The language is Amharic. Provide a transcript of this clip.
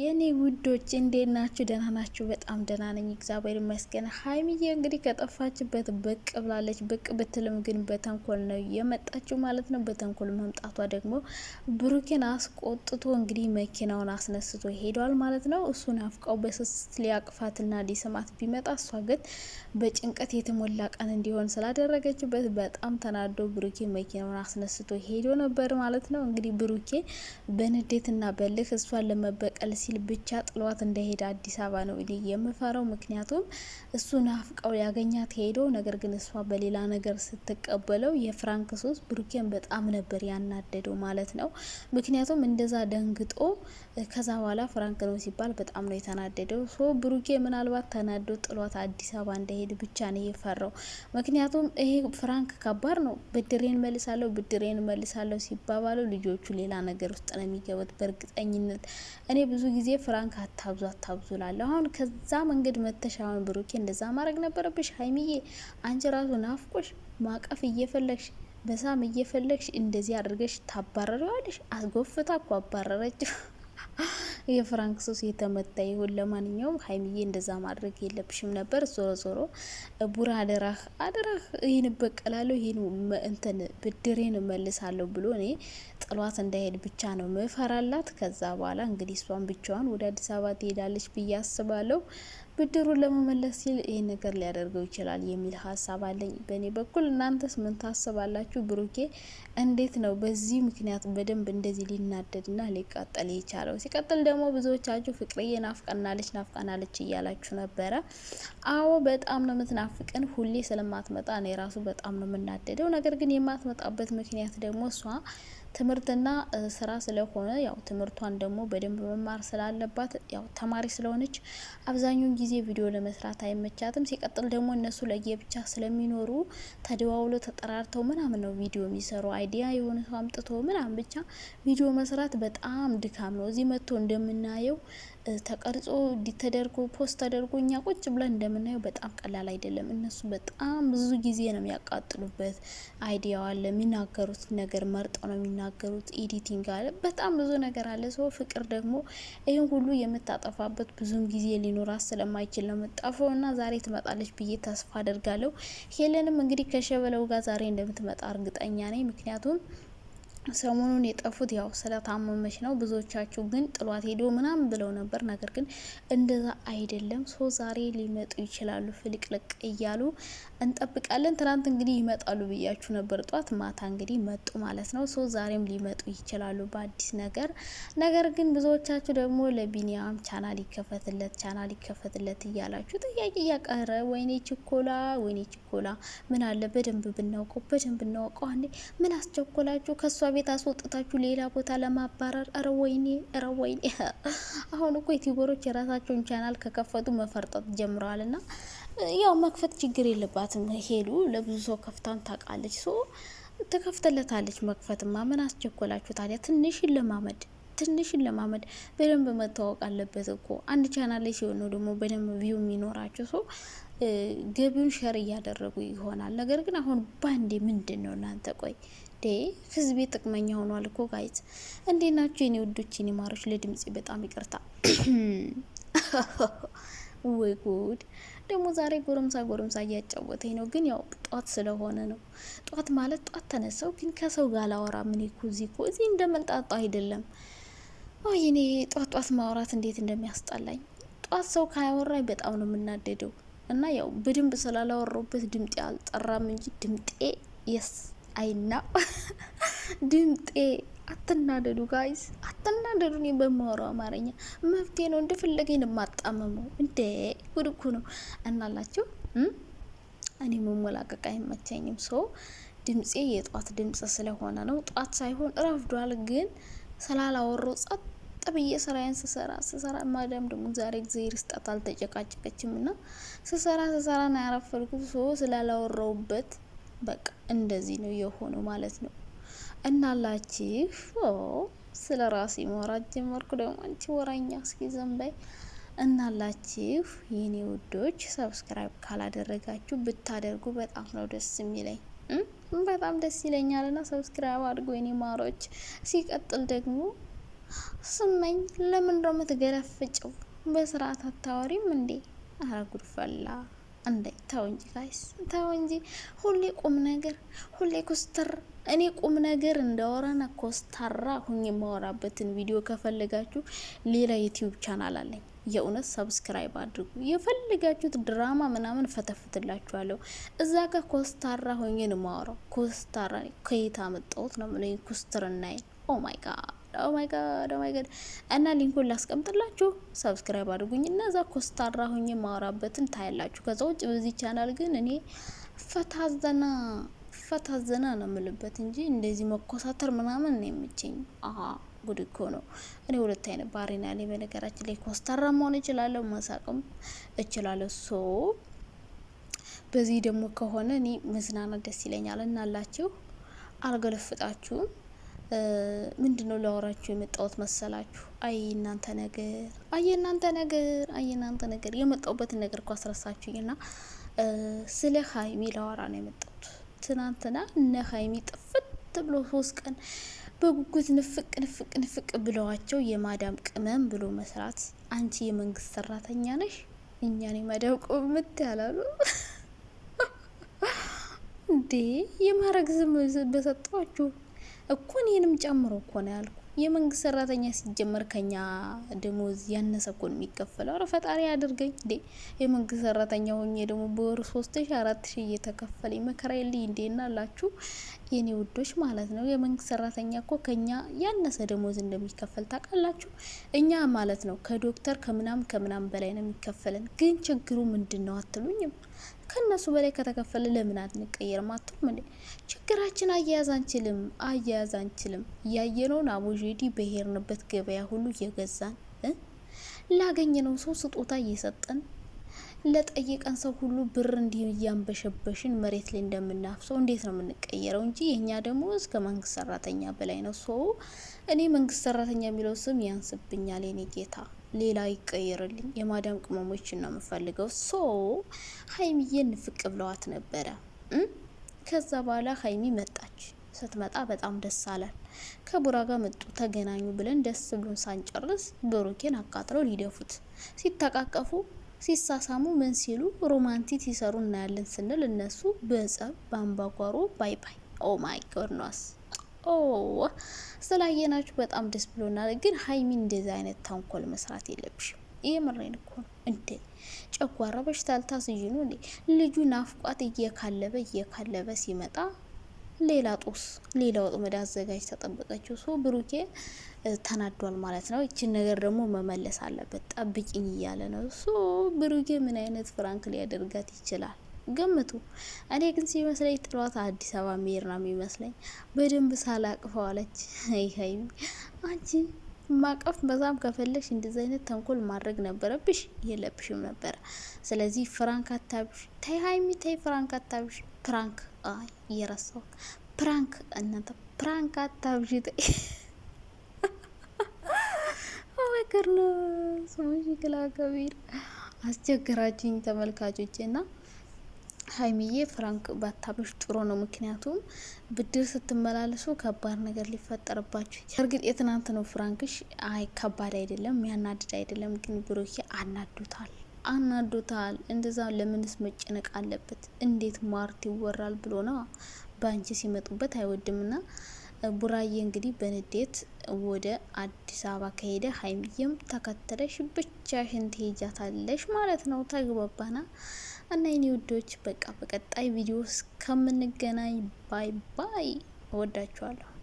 የኔ ውዶች እንዴት ናችሁ? ደህና ናችሁ? በጣም ደህና ነኝ፣ እግዚአብሔር ይመስገን። ሀይሚዬ እንግዲህ ከጠፋችበት ብቅ ብላለች። ብቅ ብትልም ግን በተንኮል ነው የመጣችው ማለት ነው። በተንኮል መምጣቷ ደግሞ ብሩኬን አስቆጥቶ እንግዲህ መኪናውን አስነስቶ ሄዷል ማለት ነው። እሱን አፍቃው በስስት ሊያቅፋትና ሊስማት ቢመጣ እሷ ግን በጭንቀት የተሞላ ቀን እንዲሆን ስላደረገችበት በጣም ተናዶ ብሩኬ መኪናውን አስነስቶ ሄዶ ነበር ማለት ነው። እንግዲህ ብሩኬ በንዴትና በልክ እሷን ለመበቀል ሲል ብቻ ጥሏት እንደሄደ አዲስ አበባ ነው እኔ የምፈራው። ምክንያቱም እሱን አፍቀው ያገኛት ሄዶ፣ ነገር ግን እሷ በሌላ ነገር ስትቀበለው የፍራንክ ሶስ ብሩኬን በጣም ነበር ያናደደው ማለት ነው። ምክንያቱም እንደዛ ደንግጦ ከዛ በኋላ ፍራንክ ነው ሲባል በጣም ነው የተናደደው። ሶ ብሩኬ ምናልባት ተናዶ ጥሏት አዲስ አበባ እንደሄድ ብቻ ነው የፈራው። ምክንያቱም ይሄ ፍራንክ ከባድ ነው። ብድሬን መልሳለሁ፣ ብድሬን መልሳለሁ ሲባባለው ልጆቹ ሌላ ነገር ውስጥ ነው የሚገቡት በእርግጠኝነት እኔ ብዙ ጊዜ ፍራንክ አታብዙ አታብዙ ላለሁ። አሁን ከዛ መንገድ መተሽ አሁን ብሩኬ እንደዛ ማድረግ ነበረብሽ። ሀይሚዬ አንቺ ራሱ ናፍቆሽ ማቀፍ እየፈለግሽ በሳም እየፈለግሽ እንደዚህ አድርገሽ ታባረረዋለሽ። አስጎፍታ እኮ አባረረችው። የፍራንክ ሶስ የተመታ ይሁን። ለማንኛውም ሀይሚዬ እንደዛ ማድረግ የለብሽም ነበር። ዞሮ ዞሮ ቡራ አደራህ አደራህ፣ ይህን በቀላለሁ፣ ይህን እንትን ብድሬን መልሳለሁ ብሎ እኔ ጥሏት እንዳይሄድ ብቻ ነው ምፈራላት። ከዛ በኋላ እንግዲህ እሷን ብቻዋን ወደ አዲስ አበባ ትሄዳለች ብዬ አስባለሁ። ብድሩን ለመመለስ ሲል ይህን ነገር ሊያደርገው ይችላል የሚል ሀሳብ አለኝ በእኔ በኩል። እናንተስ ምን ታስባላችሁ? ብሩኬ እንዴት ነው በዚህ ምክንያት በደንብ እንደዚህ ሊናደድና ሊቃጠል የቻለው? ሲቀጥል ደግሞ ብዙዎቻችሁ ፍቅርዬ ናፍቀናለች ናፍቀናለች እያላችሁ ነበረ። አዎ በጣም ነው የምትናፍቀን። ሁሌ ስለማትመጣ ኔ ራሱ በጣም ነው የምናደደው። ነገር ግን የማትመጣበት ምክንያት ደግሞ እሷ ትምህርትና ስራ ስለሆነ ያው ትምህርቷን ደግሞ በደንብ መማር ስላለባት ያው ተማሪ ስለሆነች አብዛኛውን ጊዜ ቪዲዮ ለመስራት አይመቻትም። ሲቀጥል ደግሞ እነሱ ለየብቻ ስለሚኖሩ ተደዋውሎ ተጠራርተው ምናምን ነው ቪዲዮ የሚሰሩ። አይዲያ የሆነ ሰው አምጥቶ ምናምን ብቻ ቪዲዮ መስራት በጣም ድካም ነው። እዚህ መጥቶ እንደምናየው ተቀርጾ እንዲተደርጎ ፖስት ተደርጎ እኛ ቁጭ ብለን እንደምናየው በጣም ቀላል አይደለም። እነሱ በጣም ብዙ ጊዜ ነው የሚያቃጥሉበት። አይዲያዋ አለ የሚናገሩት ነገር መርጠው ነው የሚና የሚናገሩት ኤዲቲንግ አለ፣ በጣም ብዙ ነገር አለ። ሰው ፍቅር ደግሞ ይህን ሁሉ የምታጠፋበት ብዙም ጊዜ ሊኖራት ስለማይችል ነው መጣፈው እና ዛሬ ትመጣለች ብዬ ተስፋ አደርጋለሁ። ሄለንም እንግዲህ ከሸበለው ጋር ዛሬ እንደምትመጣ እርግጠኛ ነኝ ምክንያቱም ሰሞኑን የጠፉት ያው ስለታመመች ነው። ብዙዎቻችሁ ግን ጥሏት ሄዶ ምናምን ብለው ነበር። ነገር ግን እንደዛ አይደለም። ሶ ዛሬ ሊመጡ ይችላሉ ፍልቅልቅ እያሉ እንጠብቃለን። ትናንት እንግዲህ ይመጣሉ ብያችሁ ነበር፣ ጧት ማታ እንግዲህ መጡ ማለት ነው። ሶ ዛሬም ሊመጡ ይችላሉ በአዲስ ነገር። ነገር ግን ብዙዎቻችሁ ደግሞ ለቢኒያም ቻናል ይከፈትለት፣ ቻናል ይከፈትለት እያላችሁ ጥያቄ እያቀረ ወይኔ ችኮላ፣ ወይኔ ችኮላ። ምን አለ በደንብ ብናውቀው፣ በደንብ እናውቀው። አንዴ ምን አስቸኮላችሁ? ከእሷ ቤት አስወጥታችሁ ሌላ ቦታ ለማባረር። ኧረ ወይኔ፣ ኧረ ወይኔ። አሁን እኮ ዩቲዩበሮች የራሳቸውን ቻናል ከከፈቱ መፈርጠጥ ጀምረዋል ና ያው መክፈት ችግር የለባትም። ሄሉ ለብዙ ሰው ከፍታን ታውቃለች። ሶ ትከፍተለታለች። መክፈትማ ምን አስቸኮላችሁ ታዲያ? ትንሽ ለማመድ ትንሽን ለማመድ በደንብ መታወቅ አለበት እኮ አንድ ቻናል ላይ ሲሆን ደግሞ በደንብ ቪው የሚኖራቸው ሰው ገቢውን ሸር እያደረጉ ይሆናል። ነገር ግን አሁን ባንዴ ምንድን ነው እናንተ ቆይ ዴ ህዝቤ ጥቅመኛ ሆኗል እኮ ጋይት። እንዴ ናቸው የኔ ውዶች የኔ ማሮች? በጣም ይቅርታ። ወይ ጉድ ደግሞ ዛሬ ጎረምሳ ጎረምሳ እያጫወተኝ ነው። ግን ያው ጧት ስለሆነ ነው። ጧት ማለት ጧት ተነሳው፣ ግን ከሰው ጋር ላወራ ምን እኮ እዚህ ኮ እዚህ እንደመንጣጣ አይደለም። እኔ ጧት ጧት ማውራት እንዴት እንደሚያስጠላኝ ጧት ሰው ካያወራኝ በጣም ነው የምናደደው። እና ያው በድንብ ስላላወራሁበት ድምጤ አልጠራም እንጂ ድምጤ የስ አይና ድምጤ አትናደዱ ጋይስ አትናደዱ። እኔ በማወራው አማርኛ መብቴ ነው፣ እንደፈለገኝ ነው የማጣመመው። እንደ ጉድ እኮ ነው እናላችሁ። እኔ መሞላቀቅ አይመቸኝም። ሰው ድምፄ የጧት ድምፅ ስለሆነ ነው። ጧት ሳይሆን ረፍዷል፣ ግን ስላላወሩ ጸጥ ብዬ ስራዬን ስሰራ ስሰራ ማዳም ደግሞ ዛሬ እግዚአብሔር ይስጣት አልተጨቃጨቀችም እና ስሰራ ስሰራ ነው ያረፈልኩት። ሰው ስላላወራውበት በቃ እንደዚህ ነው የሆነው ማለት ነው። እናላችሁ ስለ ራሴ ማውራት ጀመርኩ። ደግሞ አንቺ ወራኛ እስኪ ዘንበይ እናላችሁ የኔ ውዶች፣ ሰብስክራይብ ካላደረጋችሁ ብታደርጉ በጣም ነው ደስ የሚለኝ፣ በጣም ደስ ይለኛል። እና ሰብስክራይብ አድርጎ የኔ ማሮች። ሲቀጥል ደግሞ ስመኝ ለምን ነው የምትገለፍጭው? በስርዓት አታወሪም እንዴ? አረ ፈላ እንደ ተው እንጂ ጋይስ ተው እንጂ። ሁሌ ቁም ነገር፣ ሁሌ ኮስተር። እኔ ቁም ነገር እንዳወራና ኮስታራ ሁኝ የማወራበትን ቪዲዮ ከፈለጋችሁ ሌላ ዩቲዩብ ቻናል አለኝ። የእውነት ሰብስክራይብ አድርጉ። የፈልጋችሁት ድራማ ምናምን ፈተፍትላችኋለሁ። እዛ ጋር ኮስታራ ሆኜ ነው የማወራው። ኮስታራ ከየት አመጣሁት ነው ኮስተር እናይን። ኦ ማይ ጋድ ኦ ማይ ጋድ ኦ ማይ ጋድ እና ሊንኩን ላስቀምጥላችሁ። ሰብስክራይብ አድርጉኝ እና እዛ ኮስታራ ሁኝ ማወራበትን ታያላችሁ። ከዛ ውጭ በዚህ ቻናል ግን እኔ ፈታዘና ፈታዘና ነው የምልበት እንጂ እንደዚህ መኮሳተር ምናምን ነው የምችኝ። አሀ ጉድ እኮ ነው። እኔ ሁለት አይነት ባህሪ ነው ያለኝ። በነገራችን ላይ ኮስታራ መሆን እችላለሁ፣ መሳቅም እችላለሁ። ሶ በዚህ ደግሞ ከሆነ እኔ መዝናናት ደስ ይለኛል። እናላችሁ አልገለፍጣችሁም ምንድነው ነው ላወራችሁ የመጣሁት መሰላችሁ? አይ እናንተ ነገር፣ አይ እናንተ ነገር፣ አይ እናንተ ነገር የመጣሁበትን ነገር እኮ አስረሳችሁኝና ስለ ሀይሚ ላወራ ነው የመጣሁት። ትናንትና እነ ሀይሚ ጥፍት ብሎ ሶስት ቀን በጉጉት ንፍቅ ንፍቅ ንፍቅ ብለዋቸው የማዳም ቅመም ብሎ መስራት። አንቺ የመንግስት ሰራተኛ ነሽ፣ እኛን የማዳም ቅመም ያላሉ እንዴ? የማረግ ዝም በሰጧችሁ እኮ እኔንም ጨምሮ እኮ ነው ያልኩ። የመንግስት ሰራተኛ ሲጀመር ከኛ ደሞዝ ያነሰ እኮ ነው የሚከፈለው። አረ ፈጣሪ አድርገኝ እንዴ! የመንግስት ሰራተኛ ሆኜ ደግሞ በወር ሶስት ሺ አራት ሺ እየተከፈለ መከራ የልኝ እንዴና ላችሁ የኔ ውዶች ማለት ነው። የመንግስት ሰራተኛ እኮ ከኛ ያነሰ ደሞዝ እንደሚከፈል ታውቃላችሁ። እኛ ማለት ነው ከዶክተር ከምናም ከምናም በላይ ነው የሚከፈለን። ግን ችግሩ ምንድን ነው አትሉኝም? ከነሱ በላይ ከተከፈለ ለምን አንቀየርም አትም እንዴ? ችግራችን አያያዝ አንችልም፣ አያያዝ አንችልም። ያየነውን አቦዤዲ በሄርንበት ገበያ ሁሉ እየገዛን ላገኘነው ሰው ስጦታ እየሰጠን ለጠየቀን ሰው ሁሉ ብር እንዲህ እያንበሸበሽን መሬት ላይ እንደምናፍሰው እንዴት ነው የምንቀየረው? እንጂ የእኛ ደግሞ እስከ መንግስት ሰራተኛ በላይ ነው ሰው። እኔ መንግስት ሰራተኛ የሚለው ስም ያንስብኛል የኔ ጌታ። ሌላ ይቀየርልኝ የማዳም ቅመሞችን ነው የምፈልገው። ሶ ሀይሚዬን ንፍቅ ብለዋት ነበረ። ከዛ በኋላ ሀይሚ መጣች። ስትመጣ በጣም ደስ አለን። ከቡራ ጋር መጡ ተገናኙ ብለን ደስ ብሎን ሳንጨርስ ብሩኬን አቃጥለው ሊደፉት ሲተቃቀፉ ሲሳሳሙ ምን ሲሉ ሮማንቲክ ሲሰሩ እናያለን ስንል እነሱ በጸብ በአምባጓሮ ባይ ባይ። ኦ ማይ ጎድነስ ኦ ስላየናችሁ በጣም ደስ ብሎናል። ግን ሀይሚ እንደዚ አይነት ተንኮል መስራት የለብሽም። ይህ ምሬን እኮ ነው እንዴ! ጨጓራ በሽታ ልታስይዥ ነው እንዴ? ልጁ ናፍቋት እየካለበ እየካለበ ሲመጣ ሌላ ጦስ፣ ሌላ ወጥመድ አዘጋጅ ተጠብቀችው። ሶ ብሩኬ ተናዷል ማለት ነው። ይችን ነገር ደግሞ መመለስ አለበት። ጠብቂኝ እያለ ነው። ሶ ብሩኬ ምን አይነት ፍራንክ ሊያደርጋት ይችላል? ግምቱ። እኔ ግን ሲመስለኝ ጥሏት አዲስ አበባ መሄድ ነው የሚመስለኝ። በደንብ ሳላቅፈው አለች። ይሄይ አንቺ ማቀፍ በዛም ከፈለሽ እንደዚህ አይነት ተንኮል ማድረግ ነበረብሽ፣ የለብሽም ነበረ። ስለዚህ ፍራንክ አታብሽ። ተይ ሀይሚ ተይ፣ ፍራንክ አታብሽ። ፕራንክ እየረሳው ፕራንክ፣ እናንተ ፕራንክ አታብሽ። ተይ አወከር ነው ሰዎች ከላከቢር አስቸግራችሁኝ ተመልካቾቼ ና ሀይሚዬ ፍራንክ ባታብሽ ጥሩ ነው። ምክንያቱም ብድር ስትመላለሱ ከባድ ነገር ሊፈጠርባችሁ። እርግጥ የትናንት ነው ፍራንክሽ፣ አይ ከባድ አይደለም፣ ያናድድ አይደለም። ግን ብሩኬ አናዶታል፣ አናዶታል። እንደዛ ለምንስ መጨነቅ አለበት? እንዴት ማርት ይወራል ብሎ ነው በአንቺ ሲመጡበት አይወድምና ቡራዬ እንግዲህ በንዴት ወደ አዲስ አበባ ከሄደ ሀይሚዬም ተከተለሽ ብቻሽን ትሄጃታለሽ ማለት ነው። ተግባባና እና የኔ ውዶች በቃ በቀጣይ ቪዲዮ እስከምንገናኝ ባይ ባይ። እወዳችኋለሁ።